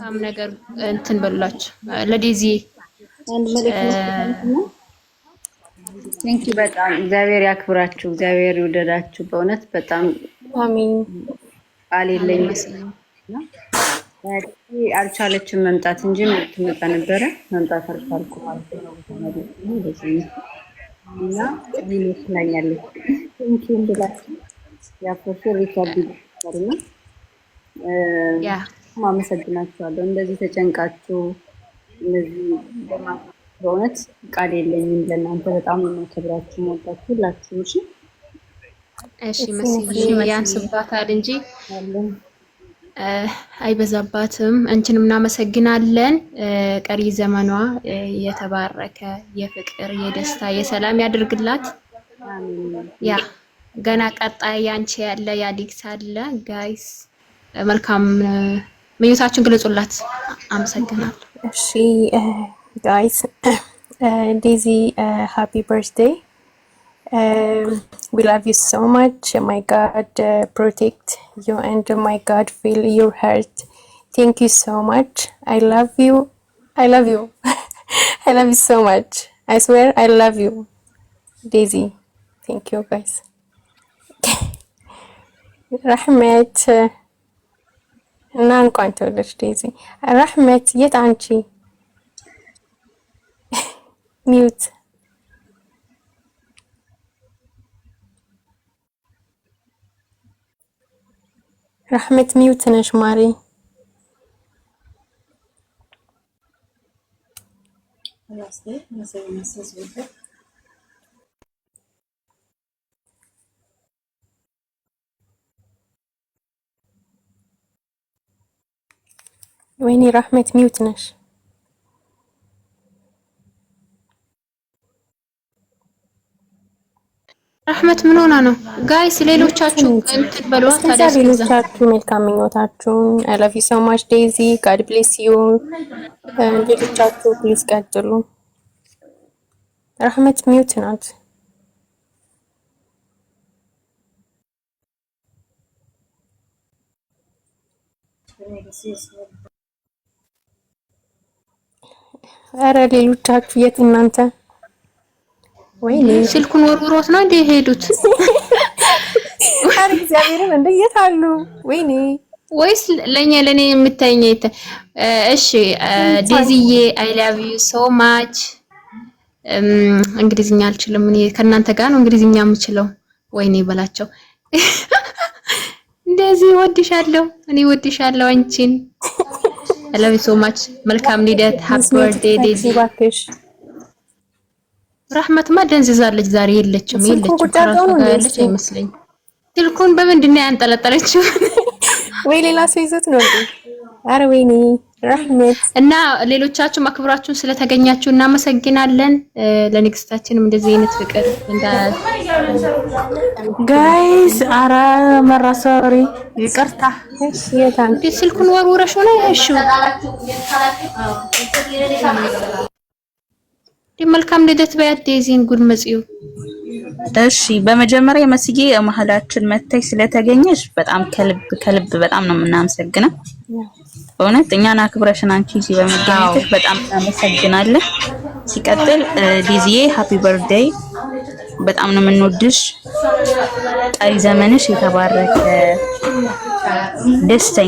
መልካም ነገር እንትን በላችሁ ለዴዚ አንድ ቴንኪ በጣም እግዚአብሔር ያክብራችሁ፣ እግዚአብሔር ይውደዳችሁ። በእውነት በጣም አሜን። ቃል የለኝ አልቻለችም መምጣት እንጂ ትመጣ ነበረ መምጣት አልቻልኩ እና ይመስላኛለች ቴንኪ ብላችሁ ያፈርሽ ሪካርድ ያ ሁላችሁም አመሰግናችኋለሁ። እንደዚህ ተጨንቃችሁ እነዚህ በእውነት ቃል የለኝም ለእናንተ። በጣም የማከብራችሁ መወዳችሁ ሁላችሁ። እሺ እሺ፣ መስዬ ያንስባታል እንጂ አይበዛባትም። አንቺንም እናመሰግናለን። ቀሪ ዘመኗ የተባረከ የፍቅር፣ የደስታ፣ የሰላም ያድርግላት። ያ ገና ቀጣይ ያንቺ ያለ ያዲግስ አለ ጋይስ መልካም ምኞታችሁን ግለጹላት። አመሰግናለሁ። እሺ ጋይስ ዴዚ ሃፒ በርዝዴይ ዊ ላቭ ዩ ሶ ማች ማይ ጋድ ፕሮቴክት ዩ ኤንድ ማይ ጋድ ፊል ዩር ሀርት ቴንክ ዩ ሶ ማች አይ ላቭ ዩ አይ ላቭ ዩ አይ ላቭ ዩ ሶ ማች አይ ስዌር አይ ላቭ ዩ ዴዚ ቴንክ ዩ ጋይስ ረሕመት እና እንኳን ተወለድሽ ዴዚ። ረህመት የት አንቺ ሚውት ረህመት ሚውት ነሽ ማሪ። ወይኔ ራህመት ሚውት ነሽ። ራህመት ምን ሆና ነው? ጋይስ ሌሎቻችሁ እንትን በሏት። ታዲያ ሌሎቻችሁ መልካም ምኞታችሁን አይ ላቭ ዩ ሶ ማች ዴዚ ጋድ ብሌስ ዩ። ሌሎቻችሁ ፕሊዝ ቀጥሉ። ራህመት ሚውት ናት። ኧረ ሌሎቻችሁ የት እናንተ ወይኔ ስልኩን ወርውሮት ነው እንዴ ሄዱት። አረ እግዚአብሔርን እንደ የት አሉ? ወይኔ ወይስ ለኛ ለኔ የምታየኝ የት? እሺ ዴዚዬ አይ ላቭ ዩ ሶ ማች። እንግሊዝኛ አልችልም እኔ ከእናንተ ጋር ነው እንግሊዝኛ የምችለው። ወይኔ በላቸው እንደዚህ ወድሻለሁ፣ እኔ ወድሻለሁ አንቺን ላቭ ሶ ማች። መልካም ልደት። ሃፒ በርዴ ዴዚ። ራህመትማ ደንዝዛለች ዛሬ የለችም የለችም አይመስለኝ። ስልኩን በምንድን ነው ያንጠለጠለችው? ወይ ሌላ ሰው ይዘት ነው። አረ ወይኔ እና ሌሎቻችሁም አክብራችሁን ስለተገኛችሁ እናመሰግናለን። ለንግስታችንም እንደዚህ አይነት ፍቅር ጋይስ፣ አረ መራ ሶሪ፣ ይቅርታ። ስልኩን ወርውረሽ ነው እሺ። መልካም ልደት በያት ዴዚን ጉድ መጽዩ። እሺ በመጀመሪያ መስዬ መሀላችን መታይ ስለተገኘሽ በጣም ከልብ ከልብ በጣም ነው የምናመሰግነው። በእውነት እኛን አክብረሽን አንቺ እዚህ በመገኘትሽ በጣም እናመሰግናለን። ሲቀጥል ዲዚዬ ሃፒ በርዴይ በጣም ነው የምንወድሽ። ቀሪ ዘመንሽ የተባረከ ደስተኛ